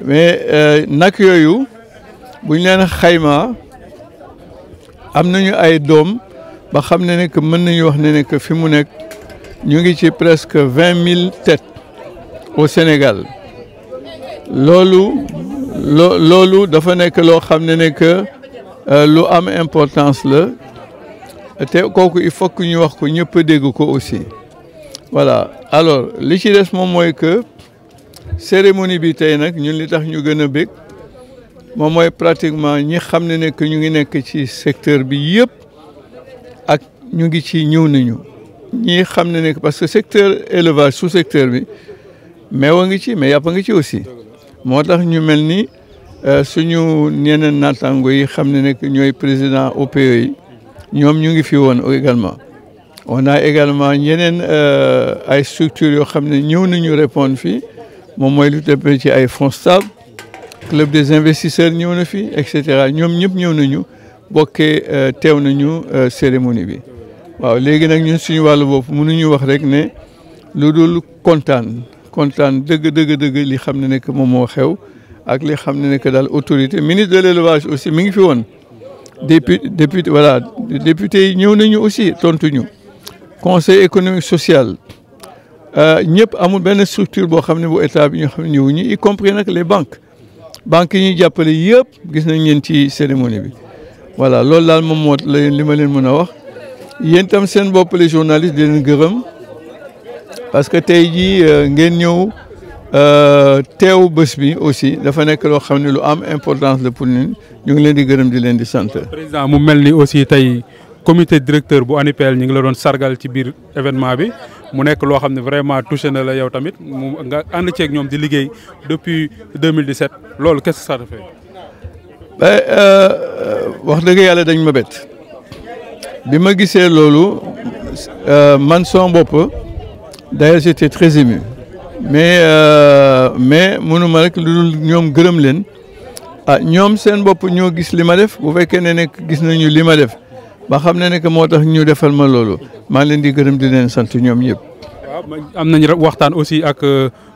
mais euh nak yoyu ñu leen xayma am nañu ay dom ba xam ne ne que mën nañu wax ne ne que fi mu nekk ñu ngi ci presque 20000 mille têtes au Sénégal lolu lolu dafa nek lo xam nek ne euh, lu am importance le té koku il faut que ñu wax ko ñëpp dégg ko aussi voilà alors li ci des mom moy que cérémonie bi tay nak ñun li tax ñu gëna a mom moy pratiquement ñi xam nek ñu ngi nek ci secteur bi yépp ak ñu ngi ci ñëw nañu ñi xam nek parce que secteur élevage sous secteur bi meewa ngi ci mais yàpp ngi ci aussi moo tax ñu mel ni euh, suñu ñeneen naataango yi xam ne nekk ñooy président OPE yi ñoom ñu ngi fi woon également on a également ñeneen euh, ay structures yoo xam ne ñëw nañu répondre fii moom mooy lu demee ci ay fonds stable club des investisseurs ñëw na fi et cetera ñoom ñëpp ñëw nañu bokkee euh, teew nañu cérémonie bi waaw léegi nag ñun suñu wàllu bopp mënuñu wax rek ne lu dul kontaan kontaan deug deug deug li xamné nek nekk moom xew ak li xamné nek dal autorité ministre de l'élevage aussi mi ngi fi won député député voilà député yi ñëw nañu aussi tontu ñu conseil économique social euh, ñëpp amul ben structure bo xamné bu état bi ñu xamné ne ñëwuñu y compris nak les banques banques ñi jappalé yépp gis nañ leen ci cérémonie bi voilà lool dal moom moo li ma leen mëna wax yéen tam seen bopp les journalistes de leen gërëm parce que tey jii euh, ngeen ñëw euh, teew bëss bi aussi dafa nek lo xamni lu am importance le pour ñun ñu ngi leen di gërëm di leen di sant. président mu melni aussi tay comité directeur bu ANIPL ñu ngi la doon sargal ci biir événement bi mu nekk loo xam ne vraiment touché na la yow tamit mu nga ànd ceeg ñoom di liggéey depuis 2017 loolu qu'est-ce que ça te fait. Ben, euh, wax dëgg yàlla dañ ma bett bi ma gisee loolu man son bopp. d'ailleurs j'étais très ému mais euh, mais mënuma rek lu dul ñoom gërëm leen ah ñoom seen bopp ñoo gis li ma def bu fekkee ne nekk gis nañu li ma def ba xam ne ne moo tax ñu defal ma loolu maa leen di gërëm di leen sant ñoom ñëpp. waaw am nañu waxtaan aussi ak. Euh,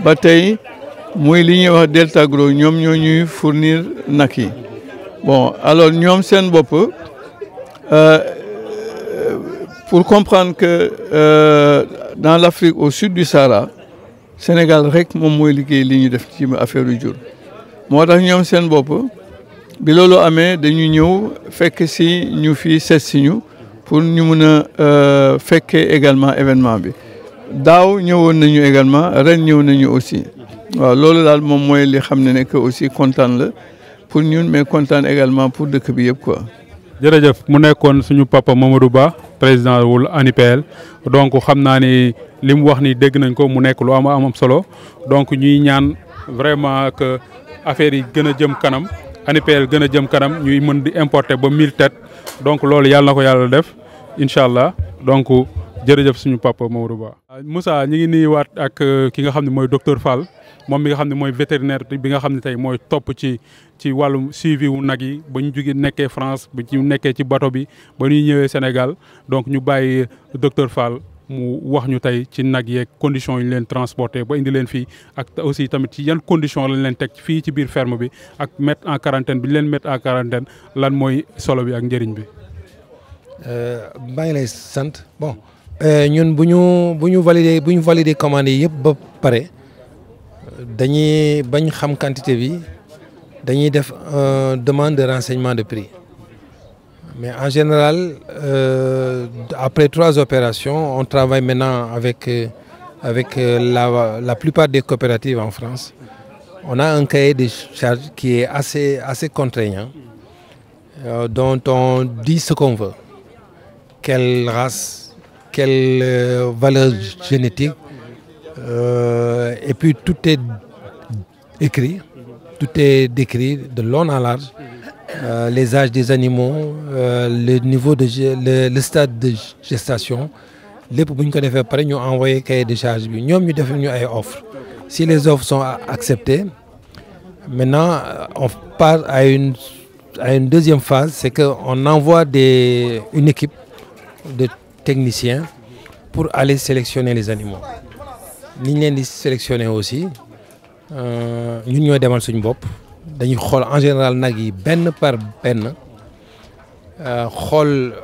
ba tey ligne li wax Delta Gro ñoom ñoo ñuy fournir nag bon alors ñoom seen Euh, pour comprendre que euh, dans l'Afrique au sud du Sahara Sénégal rek moom ligne liggéey li ñu def jour. affaire yu jur moo tax bilolo seen de bi fait que si ñu fi seet pour ñu mun a euh, également événement bi daaw ñëwoon nañu également ren ñëw nañu aussi waaw loolu daal moom mooy li xam ne nekk aussi kontaan la pour ñun mais kontaan également pour dëkk bi yëpp ko jërëjëf mu nekkoon suñu papa Mamadou Ba président wul ANIPL donc xam naa ni li mu wax ni dégg nañ ko mu nekk lu am am solo donc ñuy ñaan vraiment que affaire yi gën a jëm kanam ANIPL gën a jëm kanam ñuy mën di importer ba 1000 têtes donc loolu yàlla na ko yàlla def incha allah donc. jërëjëf suñu papa Maodo Ba. Ah, Moussa ñi ngi niwaat ak euh, ki nga xamni moy docteur Fall mom mi nga xamni moy vétérinaire bi nga xamni tay moy top ci ci wàllum suivi wu nag yi ba ñu jugee France bu ci nekkee ci bateau bi ba ñuy ñëwee Sénégal donc ñu bàyyi euh, docteur Fall mu wax ñu tay ci nag yeeg conditions yi ñu leen transporter ba indi leen fi ak aussi tamit ci yan condition lañ leen tek fi ci biir ferme bi ak mettre en quarantaine bi ñu leen mettre en quarantaine lan moy solo bi ak njëriñ bi. Euh, maa ngi lay sante bon. Euh, Nous buñu buñu valider commandes yépp ba dañuy quantité bi euh, demande de renseignement de prix mais en général euh, après trois opérations on travaille maintenant avec avec la plupart des coopératives en France on a un cahier de charges qui est assez assez contraignant dont on dit ce qu'on veut quelle race quelle euh, valeur génétique. Euh, et puis tout est écrit, tout est décrit de long en large. Euh, les âges des animaux, le niveau de le, stade de gestation. les bu qu'on ko fait nous ñu envoyer cahier de charge nous ñoom ñu si les offres sont acceptées maintenant on part à une une deuxième phase c'est qu'on envoie des une équipe de techniciens pour aller sélectionner les animaux Nous avons sélectionné sélectionner aussi euh, nous avons demal suñu bop. dañuy en général nag yi par benn euh, xool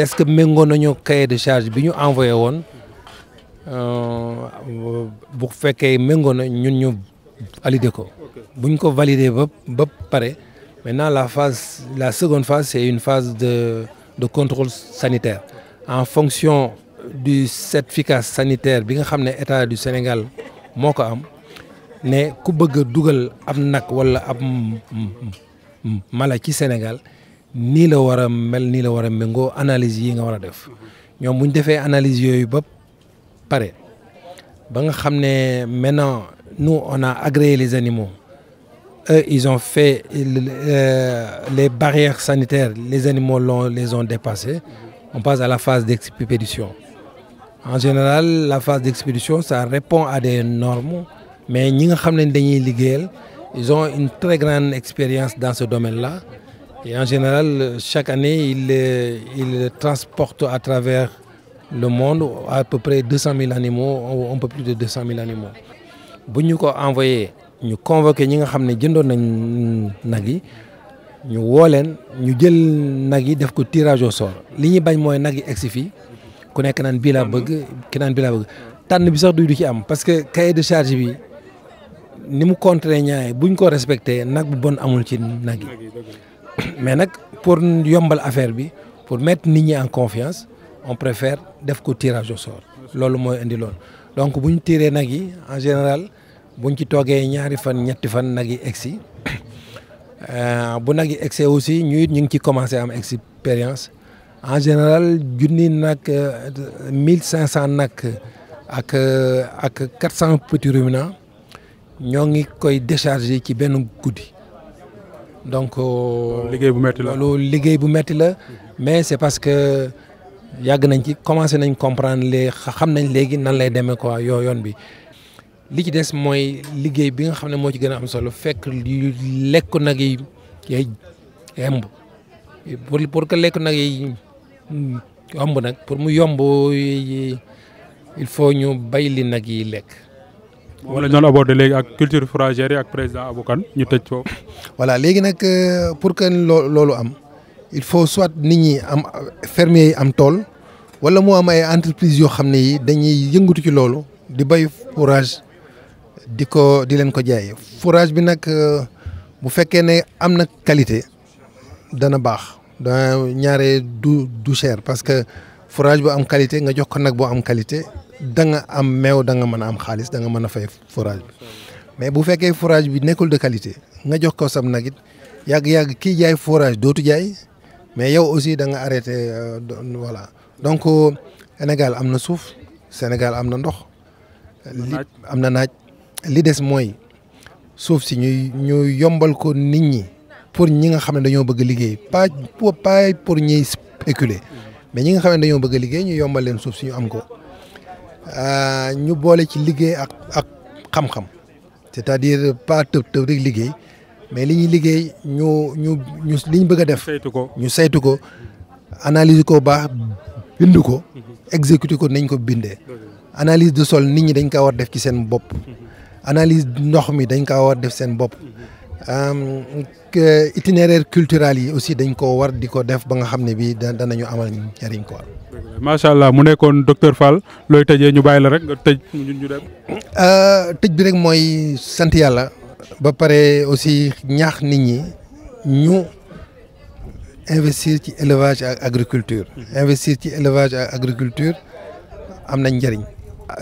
est-ce que méngoo nañu cahier de charge bi ñu envoyé Pour euh, bu faire, nous avons ñun ñu valider ko buñ ko valider maintenant la phase la seconde phase c'est une phase de de contrôle sanitaire en fonction du certificat sanitaire bi nga xamné état du Sénégal moko am ne ku bëgg a dugal ab wala mala ci Sénégal ni la wara mel ni la wara mengo analyse yi nga wara def ñom bu défé analyse yoyu ba paré ba nga xamné maintenant nous on a agréé les animaux eux ils ont fait euh, les barrières sanitaires les animaux l'ont les ont dépassés on passe à la phase d'expédition. En général, la phase d'expédition, ça répond à des normes, mais nous savons ils ont une très grande expérience dans ce domaine-là. Et en général, chaque année, ils, euh, transportent à travers le monde à peu près 200 000 animaux, un peu plus de 200 000 animaux. Si nous envoyé, nous convoquons, ñu woo leen ñu jël nag yi def ko tirage au sort li ñuy bañ mooy nag yi egsi fii ku nekk naan bii laa bëgg ki naan bii laa bëgg tànn bi sax du du ci am parce que cahier de charge bi ni mu contraignant yi buñ ko respecté nag bu bon amul ci nag yi mais nag pour yombal affaire bi pour mettre nit ñi en confiance on préfère def ko tirage au sort loolu mooy indi loolu donc buñ tiré nag yi en général buñ ci toogee ñaari fan ñetti fan nag yi egsi euh, bu nag yi excès aussi ñu it ñu ngi ci commencé am expérience en général junni nag 1500 euh, cinq nag ak euh, ak 400 cent petits ruminants ñoo ngi koy décharger ci benn guddi donc. liggéey bu metti la loolu liggéey bu metti la mais c'est parce que yàgg nañ ci commencé nañ comprendre les xam nañ léegi nan lay demee quoi yoo yoon bi. li ci des mooy liggéey bi nga xam ne moo ci gën a am solo fekk yu lekk nag yi yemb pour pour que lekk nag yi yomb nag pour mu yomb il faut ñu bay li nag yi lekk. wala ñu doon aborder léegi ak culture fourragère yi ak président Abou Kane ñu tëj foofu. voilà léegi nag euh, pour que loolu am il faut soit ni ñi am fermier yi am tool wala moo am ay entreprise yoo xam ne yi dañuy yëngatu ci loolu di bay fourrage. di ko di leen ko jaay fourage bi nag bu fekkee ne am na qualité dana baax da ñaare du du cher parce que fourage bu am qualité nga jox ko nag boo am qualité da nga am meew da nga mën a am xaalis da nga mën a fay fourrage bi mais bu fekkee fourrage bi nekkul de qualité nga jox ko sam nagit it yàgg-yàgg kii jaay fourrage dootu jaay mais yow aussi da nga arrêté euh, voilà donc euh, Sénégal am na suuf Sénégal am na ndox. am na naaj. li des mooy suuf si ñuy ñu yombal ko nit ñi pour ñi nga xam ne dañoo bëgg liggéey pas paa pour ñiy spéculer mais ñi nga xam ne dañoo bëgg liggéey ñu yombal leen suuf si ñu am ko euh, ñu boole ci liggéey ak ak xam-xam c'est-à-dire pas tëb tëb rek liggéey mais li ñuy liggéey ñu ñu ñu li ñu bëgg a def. saytu ko ñu saytu ko analyse ko baax bind ko. Mhm. exécuter ko nañ ko bindee. analyse de sol nit ñi dañ ko war def ci seen bopp. Mhm. analyse ndox mi dañ ko war def seen bopp itinéraire culturel yi aussi dañ ko war di ko def ba nga xam ne bii danañu amal njëriñ quoi. macha allah mu nekkoon docteur Fall looy tëjee ñu bàyyi la rek nga tëj ñu dem. Euh, tëj bi rek mooy sant yàlla. ba pare aussi ñaax nit ñi ñu investir ci élevage agriculture. investir ci élevage agriculture am nañ njëriñ.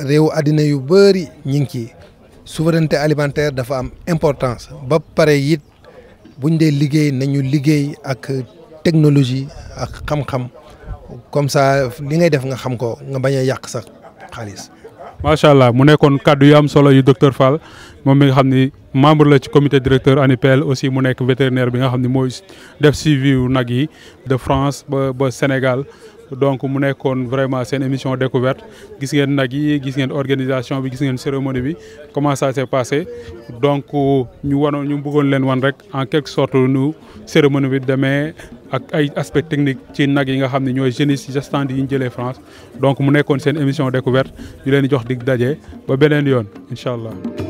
réew àddina yu bëri ñu ngi ci souveraineté alimentaire dafa am importance ba pare it buñ dee liggéey nañu liggéey ak technologie ak xam-xam comme ça ni ngay def nga xam ko nga bañ a yàq sax xaalis. macha allah mu nekkoon kàddu yu am solo yu docteur Fall moom mi nga xam ni membre la ci comité directeur ANIPL aussi mu nekk vétérinaire bi nga xam ni mooy def suivi wu nag yi de France ba ba Sénégal. donc mu nekkoon vraiment seen émission découverte gis ngeen nag yi gis ngeen organisation bi gis ngeen cérémonie bi comment ça s'est passé donc ñu wanoon ñu bëggoon leen wan rek en quelque sorte nu cérémonie bi demee ak ay aspect technique ci nag yi nga xam ne ñooy jeunes stand yi ñu jëlee France donc mu nekkoon seen émission découverte ñu leen jox dig daje ba beneen yoon incha allah